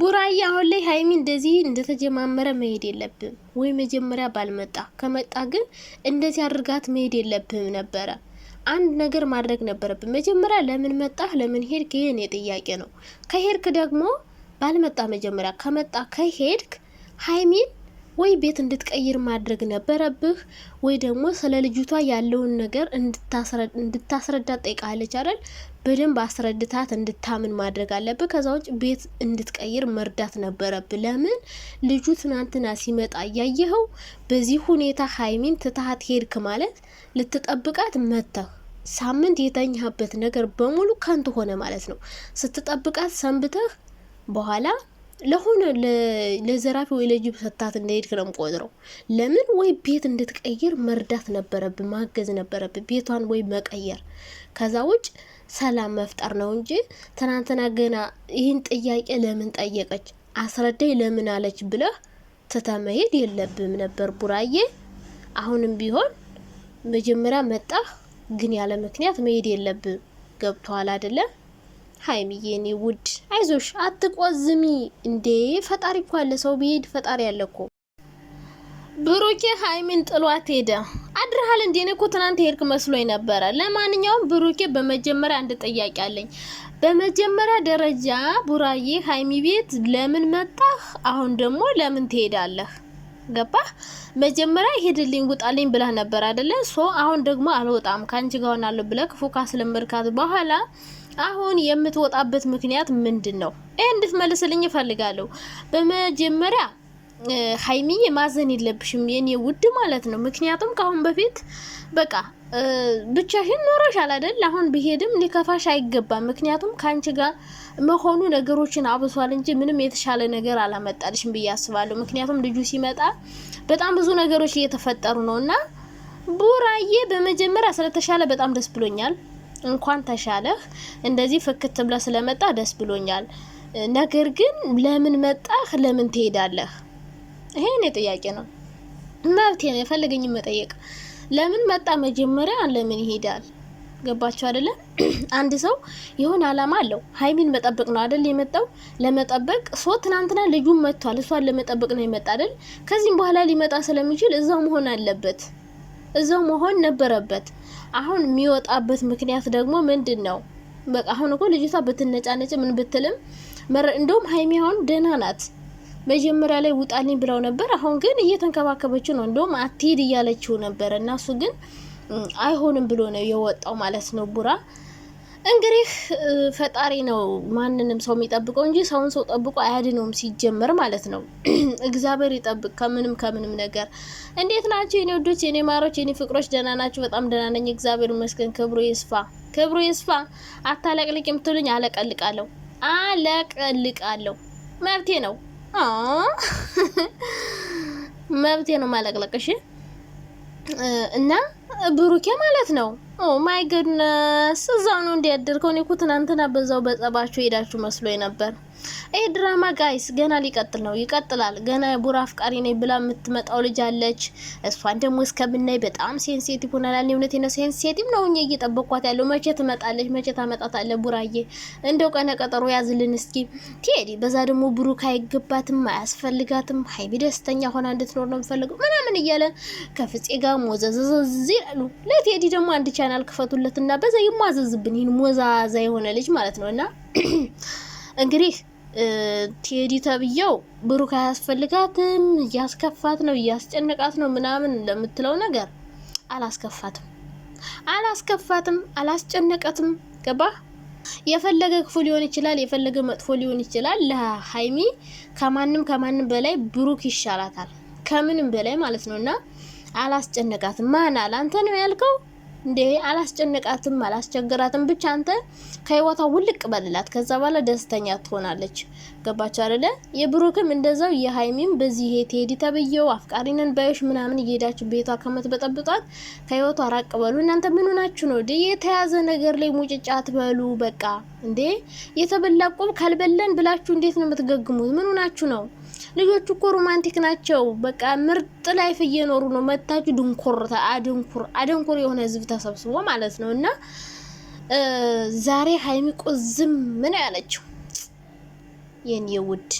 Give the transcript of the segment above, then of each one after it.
ቡራዬ አሁን ላይ ሀይሚ እንደዚህ እንደተጀማመረ መሄድ የለብም ወይ መጀመሪያ ባልመጣ ከመጣ ግን እንደዚህ አድርጋት መሄድ የለብም ነበረ። አንድ ነገር ማድረግ ነበረብን። መጀመሪያ ለምን መጣህ፣ ለምን ሄድክ? ይህን የጥያቄ ጥያቄ ነው። ከሄድክ ደግሞ ባልመጣ መጀመሪያ፣ ከመጣ ከሄድክ ሀይሚን ወይ ቤት እንድትቀይር ማድረግ ነበረብህ፣ ወይ ደግሞ ስለ ልጅቷ ያለውን ነገር እንድታስረዳ ጠይቃለች አይደል? በደንብ አስረድታት እንድታምን ማድረግ አለብህ። ከዛ ውጭ ቤት እንድትቀይር መርዳት ነበረብህ። ለምን ልጁ ትናንትና ሲመጣ እያየኸው በዚህ ሁኔታ ሀይሚን ትታሃት ሄድክ ማለት ልትጠብቃት መተህ ሳምንት የተኛህበት ነገር በሙሉ ከንቱ ሆነ ማለት ነው። ስትጠብቃት ሰንብተህ በኋላ ለሆነ ለዘራፊ ወይ ለጅብ ሰታት እንደሄድክ ነው የምቆጥረው። ለምን ወይ ቤት እንድትቀይር መርዳት ነበረብ ማገዝ ነበረብ ቤቷን ወይ መቀየር። ከዛ ውጭ ሰላም መፍጠር ነው እንጂ ትናንትና ገና ይህን ጥያቄ ለምን ጠየቀች አስረዳይ ለምን አለች ብለህ ትተህ መሄድ የለብም ነበር ቡራዬ። አሁንም ቢሆን መጀመሪያ መጣህ፣ ግን ያለ ምክንያት መሄድ የለብም። ገብቶሃል አይደለም? ሀይሚዬ የኔ ውድ አይዞሽ፣ አትቆዝሚ እንዴ። ፈጣሪ እኮ አለ፣ ሰው ብሄድ ፈጣሪ አለ እኮ። ብሩኬ ሀይሚን ጥሏት ሄደ። አድርሃል እንዴ? እኔ እኮ ትናንት ሄድክ መስሎኝ ነበረ። ለማንኛውም ብሩኬ፣ በመጀመሪያ አንድ ጥያቄ አለኝ። በመጀመሪያ ደረጃ ቡራዬ ሀይሚ ቤት ለምን መጣህ? አሁን ደግሞ ለምን ትሄዳለህ? ገባህ? መጀመሪያ ሄድልኝ ውጣልኝ ብለህ ነበር አደለ? ሶ አሁን ደግሞ አልወጣም ከአንቺ ጋር ሆናለሁ ብለህ ክፉ ካስለመድካት በኋላ አሁን የምትወጣበት ምክንያት ምንድን ነው? ይህ እንድትመልስልኝ እፈልጋለሁ። በመጀመሪያ ሀይሚዬ ማዘን የለብሽም የኔ ውድ ማለት ነው። ምክንያቱም ከአሁን በፊት በቃ ብቻሽን ኖረሻል አይደል? አሁን ብሄድም ሊከፋሽ አይገባም። ምክንያቱም ከአንቺ ጋር መሆኑ ነገሮችን አብሷል እንጂ ምንም የተሻለ ነገር አላመጣልሽም ብዬ አስባለሁ። ምክንያቱም ልጁ ሲመጣ በጣም ብዙ ነገሮች እየተፈጠሩ ነው እና ቡራዬ በመጀመሪያ ስለተሻለ በጣም ደስ ብሎኛል። እንኳን ተሻለህ፣ እንደዚህ ፍክት ብለ ስለመጣ ደስ ብሎኛል። ነገር ግን ለምን መጣህ? ለምን ትሄዳለህ? ይሄ እኔ ጥያቄ ነው። መብቴ ነው የፈለገኝን መጠየቅ። ለምን መጣ መጀመሪያ፣ ለምን ይሄዳል? ገባችሁ አይደለ? አንድ ሰው የሆነ አላማ አለው። ሀይሚን መጠበቅ ነው አይደል? የመጣው ለመጠበቅ ሶ ትናንትና ልጁን መጥቷል። እሷን ለመጠበቅ ነው የመጣ አይደል? ከዚህም በኋላ ሊመጣ ስለሚችል እዛው መሆን አለበት፣ እዛው መሆን ነበረበት። አሁን የሚወጣበት ምክንያት ደግሞ ምንድን ነው? በቃ አሁን እኮ ልጅቷ ብትነጫነጭ ምን ብትልም እንደውም ሀይሚ አሁን ደህና ናት። መጀመሪያ ላይ ውጣልኝ ብለው ነበር። አሁን ግን እየተንከባከበችው ነው። እንደውም አትሄድ እያለችው ነበር እና እሱ ግን አይሆንም ብሎ ነው የወጣው ማለት ነው ቡራ እንግዲህ ፈጣሪ ነው ማንንም ሰው የሚጠብቀው እንጂ ሰውን ሰው ጠብቆ አያድነውም። ሲጀመር ማለት ነው። እግዚአብሔር ይጠብቅ ከምንም ከምንም ነገር። እንዴት ናቸው የኔ ወዶች፣ የኔ ማሮች፣ የኔ ፍቅሮች? ደህና ናቸው? በጣም ደህና ነኝ፣ እግዚአብሔር ይመስገን። ክብሩ ይስፋ፣ ክብሩ ይስፋ። አታለቅልቅ የምትሉኝ አለቀልቃለሁ፣ አለቀልቃለሁ። መብቴ ነው፣ መብቴ ነው ማለቅለቅ። እሺ እና ብሩኬ ማለት ነው ኦ ማይ ጉድነስ እዛው ነው እንዲያደርከው። እኔ እኮ ትናንትና በዛው በጸባችሁ ሄዳችሁ መስሎ ነበር። ይህ ድራማ ጋይስ ገና ሊቀጥል ነው፣ ይቀጥላል። ገና ቡራ አፍቃሪ ነኝ ብላ የምትመጣው ልጅ አለች። እሷን ደግሞ እስከምናይ በጣም ሴንሴቲቭ ሆናላል። እውነት ነ ሴንሴቲቭ ነው። እኛ እየጠበኳት ያለው መቼ ትመጣለች፣ መቼ ታመጣታለህ? ቡራዬ እንደው ቀነ ቀጠሮ ያዝልን እስኪ ቴዲ። በዛ ደግሞ ብሩክ አይገባትም፣ አያስፈልጋትም፣ ሀይሚ ደስተኛ ሆና እንድትኖር ነው የምፈልገው ምናምን እያለ ከፍፄ ጋር ሞዘዘዘዝ ይላሉ። ለቴዲ ደግሞ አንድ ቻናል ክፈቱለትና በዛ ይሟዘዝብን ይህን ሞዛዛ የሆነ ልጅ ማለት ነው እና እንግዲህ ቴዲ ተብዬው ብሩክ አያስፈልጋትም፣ እያስከፋት ነው፣ እያስጨነቃት ነው ምናምን ለምትለው ነገር አላስከፋትም፣ አላስከፋትም፣ አላስጨነቀትም። ገባ? የፈለገ ክፉ ሊሆን ይችላል፣ የፈለገ መጥፎ ሊሆን ይችላል። ለሀይሚ ከማንም ከማንም በላይ ብሩክ ይሻላታል፣ ከምንም በላይ ማለት ነው። እና አላስጨነቃትም። ማን አለ አንተ ነው ያልከው? እንዴ አላስጨነቃትም፣ አላስቸግራትም። ብቻ አንተ ከህይወቷ ውልቅ በልላት፣ ከዛ በኋላ ደስተኛ ትሆናለች። ገባች አይደለ? የብሩክም እንደዛው የሀይሚም በዚህ ይሄ ቴዲ ተብየው አፍቃሪነን ባዮች ምናምን እየሄዳችሁ ቤቷ ከምትበጠብጧት ከህይወቷ ራቅ በሉ። እናንተ ምን ሆናችሁ ነው ዲ የተያዘ ነገር ላይ ሙጭጫት በሉ በቃ እንዴ የተበላ ቆብ ካልበለን ብላችሁ እንዴት ነው የምትገግሙት? ምን ሆናችሁ ነው? ልጆቹ እኮ ሮማንቲክ ናቸው። በቃ ምርጥ ላይፍ እየኖሩ ነው። መታችሁ ድንኩር አድንኩር አድንኩር የሆነ ህዝብ ተሰብስቦ ማለት ነው። እና ዛሬ ሀይሚ ቆዝም ምን ያለችው የኔ ውድ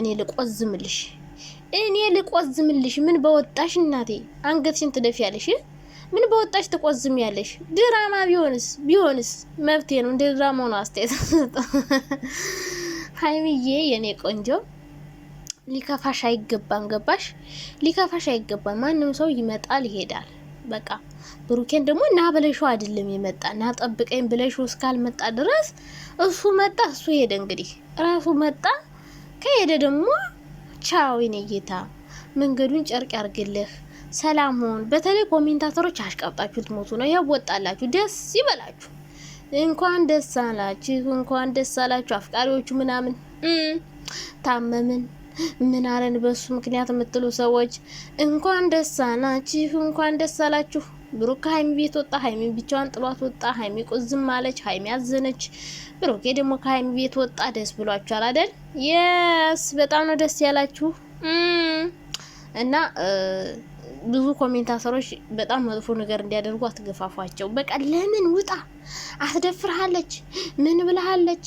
እኔ ልቆዝምልሽ እኔ ልቆዝምልሽ ምን በወጣሽ እናቴ አንገትሽን ያለሽ ምን በወጣሽ ያለሽ ድራማ ቢሆንስ ቢሆንስ መብቴ ነው እንደ ድራማ ነው አስተያየት ሀይሚዬ የኔ ቆንጆ ሊከፋሽ አይገባም። ገባሽ? ሊከፋሽ አይገባም። ማንም ሰው ይመጣል ይሄዳል። በቃ ብሩኬን ደግሞ እና ብለሽ አይደለም የመጣ እና ጠብቀኝ ብለሽ እስካልመጣ ድረስ እሱ መጣ፣ እሱ ሄደ። እንግዲህ ራሱ መጣ። ከሄደ ደግሞ ቻው የኔ ጌታ፣ መንገዱን ጨርቅ ያርግልህ፣ ሰላም ሁን። በተለይ ኮሜንታተሮች አሽቃብጣችሁ ትሞቱ ነው። ይኸው ወጣላችሁ፣ ደስ ይበላችሁ። እንኳን ደስ አላችሁ፣ እንኳን ደስ አላችሁ አፍቃሪዎቹ ምናምን ታመምን ምን አለን በሱ ምክንያት የምትሉ ሰዎች እንኳን ደስ አላችሁ፣ እንኳን ደስ አላችሁ። ብሩክ ከሀይሚ ቤት ወጣ። ሀይሚ ብቻዋን ጥሏት ወጣ። ሀይሚ ቁዝም ማለች። ሀይሚ አዘነች። ብሩኬ ደግሞ ከሀይሚ ቤት ወጣ። ደስ ብሏችኋል አይደል? የስ በጣም ነው ደስ ያላችሁ እና ብዙ ኮሜንታተሮች በጣም መጥፎ ነገር እንዲያደርጉ አትገፋፏቸው። በቃ ለምን ውጣ፣ አስደፍርሃለች፣ ምን ብልሃለች፣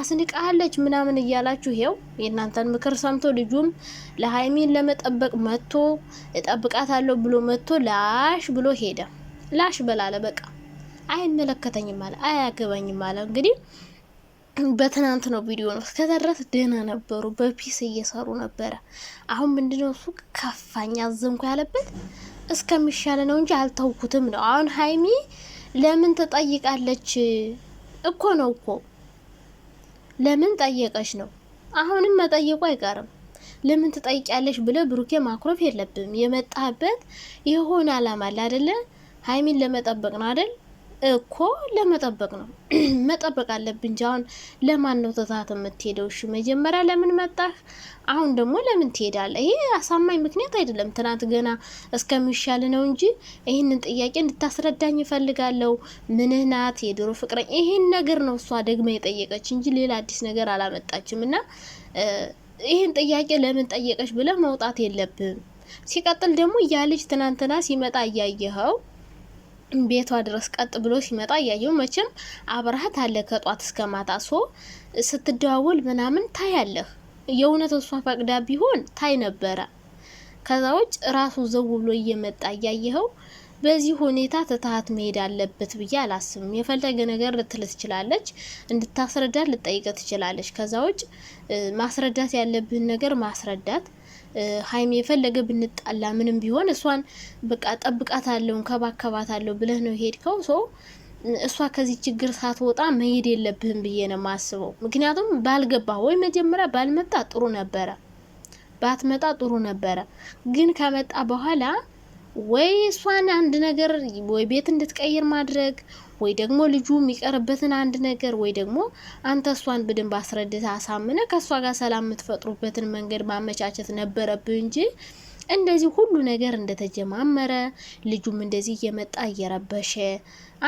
አስንቃሃለች ምናምን እያላችሁ ይሄው የእናንተን ምክር ሰምቶ ልጁም ለሀይሚን ለመጠበቅ መጥቶ እጠብቃታለሁ ብሎ መጥቶ ላሽ ብሎ ሄደ። ላሽ በላለ በቃ አይመለከተኝም አለ፣ አያገባኝም አለ እንግዲህ በትናንት ነው ቪዲዮ ነው። እስከዛ ድረስ ደህና ነበሩ፣ በፒስ እየሰሩ ነበረ። አሁን ምንድነው እሱ ከፋኝ፣ አዘንኩ ያለበት እስከሚሻለ ነው እንጂ አልተውኩትም ነው። አሁን ሀይሚ ለምን ትጠይቃለች እኮ ነው እኮ ለምን ጠየቀች ነው። አሁንም መጠየቁ አይቀርም። ለምን ትጠይቂያለሽ ብለ ብሩኬ ማኩረፍ የለብም። የመጣበት የሆነ አላማ አለ አይደለ? ሀይሚን ለመጠበቅ ነው አደል? እኮ ለመጠበቅ ነው መጠበቅ አለብን እንጂ አሁን ለማን ነው ትታት የምትሄደው? እሺ መጀመሪያ ለምን መጣህ? አሁን ደግሞ ለምን ትሄዳለህ? ይሄ አሳማኝ ምክንያት አይደለም። ትናንት ገና እስከሚሻል ነው እንጂ ይህንን ጥያቄ እንድታስረዳኝ እፈልጋለሁ። ምንህ ናት የድሮ ፍቅረኛ? ይህን ነገር ነው እሷ ደግማ የጠየቀች እንጂ ሌላ አዲስ ነገር አላመጣችም። እና ይህን ጥያቄ ለምን ጠየቀች ብለህ መውጣት የለብም። ሲቀጥል ደግሞ ያ ልጅ ትናንትና ሲመጣ እያየኸው ቤቷ ድረስ ቀጥ ብሎ ሲመጣ እያየው መቼም አብረሃት አለ ከጧት እስከ ማታ ሶ ስትደዋወል ምናምን ታያለህ። የእውነት እሷ ፈቅዳ ቢሆን ታይ ነበረ። ከዛ ውጭ ራሱ ዘው ብሎ እየመጣ እያየኸው በዚህ ሁኔታ ትትሀት መሄድ አለበት ብዬ አላስብም። የፈለገ ነገር ልትል ትችላለች፣ እንድታስረዳት ልጠይቀ ትችላለች። ከዛ ውጭ ማስረዳት ያለብህን ነገር ማስረዳት ሀይሚ የፈለገ ብንጣላ ምንም ቢሆን እሷን በቃ ጠብቃት አለው እንከባከባት አለው ብለህ ነው የሄድከው ሰው እሷ ከዚህ ችግር ሳትወጣ መሄድ የለብህም ብዬ ነው የማስበው። ምክንያቱም ባልገባ ወይ መጀመሪያ ባልመጣ ጥሩ ነበረ፣ ባትመጣ ጥሩ ነበረ። ግን ከመጣ በኋላ ወይ እሷን አንድ ነገር ወይ ቤት እንድትቀይር ማድረግ ወይ ደግሞ ልጁ የሚቀርበትን አንድ ነገር ወይ ደግሞ አንተ እሷን በደንብ አስረድተ አሳምነ ከእሷ ጋር ሰላም የምትፈጥሩበትን መንገድ ማመቻቸት ነበረብህ እንጂ እንደዚህ ሁሉ ነገር እንደተጀማመረ ልጁም እንደዚህ እየመጣ እየረበሸ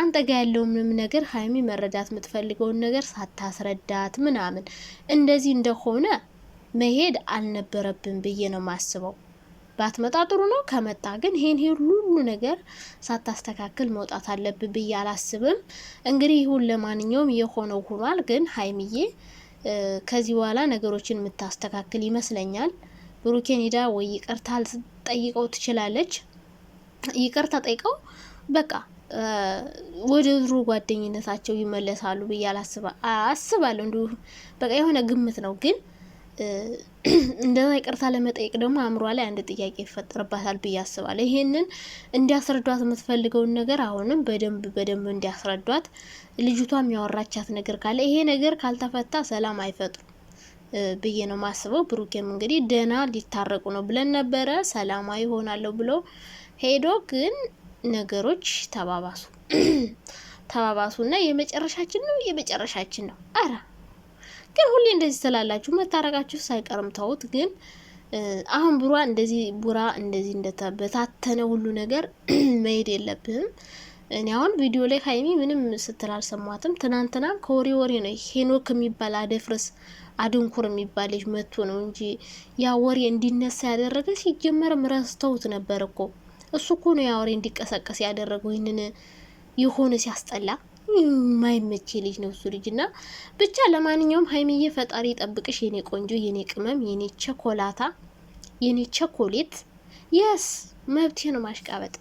አንተ ጋ ምንም ነገር ሀይሚ መረዳት የምትፈልገውን ነገር ሳታስረዳት ምናምን እንደዚህ እንደሆነ መሄድ አልነበረብን ብዬ ነው ማስበው። ባትመጣ ጥሩ ነው። ከመጣ ግን ይሄን ሁሉ ሁሉ ነገር ሳታስተካክል መውጣት አለብ ብዬ አላስብም። እንግዲህ ይሁን ለማንኛውም የሆነው ሆኗል። ግን ሀይሚዬ ከዚህ በኋላ ነገሮችን የምታስተካክል ይመስለኛል። ብሩኬን ሄዳ ወይ ይቅርታ ልትጠይቀው ትችላለች። ይቅርታ ጠይቀው በቃ ወደ ድሮ ጓደኝነታቸው ይመለሳሉ ብዬ አስባለሁ። እንዲሁ በቃ የሆነ ግምት ነው ግን እንደዛ ይቅርታ ለመጠየቅ ደግሞ አእምሯ ላይ አንድ ጥያቄ ይፈጠርባታል ብዬ አስባለሁ። ይሄንን እንዲያስረዷት የምትፈልገውን ነገር አሁንም በደንብ በደንብ እንዲያስረዷት፣ ልጅቷም ያወራቻት ነገር ካለ ይሄ ነገር ካልተፈታ ሰላም አይፈጥሩም ብዬ ነው ማስበው። ብሩኬም እንግዲህ ደህና ሊታረቁ ነው ብለን ነበረ፣ ሰላማዊ ይሆናለሁ ብሎ ሄዶ ግን ነገሮች ተባባሱ ተባባሱና የመጨረሻችን ነው የመጨረሻችን ነው አራ ግን ሁሌ እንደዚህ ስላላችሁ መታረቃችሁ ሳይቀርም ተውት። ግን አሁን ቡራ እንደዚህ ቡራ እንደዚህ እንደተበታተነ ሁሉ ነገር መሄድ የለብህም። እኔ አሁን ቪዲዮ ላይ ሀይሚ ምንም ስትል አልሰማትም። ትናንትና ከወሬ ወሬ ነው ሄኖክ የሚባል አደፍርስ አድንኩር የሚባል ልጅ መጥቶ ነው እንጂ ያ ወሬ እንዲነሳ ያደረገ ሲጀመርም ረስተውት ነበር እኮ እሱ እኮ ነው ያ ወሬ እንዲቀሰቀስ ያደረገው ይህንን የሆነ ሲያስጠላ ማይመቼ ልጅ ነው እሱ ልጅ ና ብቻ ለማንኛውም ሀይሚዬ ፈጣሪ ጠብቅሽ፣ የኔ ቆንጆ፣ የኔ ቅመም፣ የኔ ቸኮላታ፣ የኔ ቸኮሌት። የስ መብቴ ነው ማሽቃበጥ።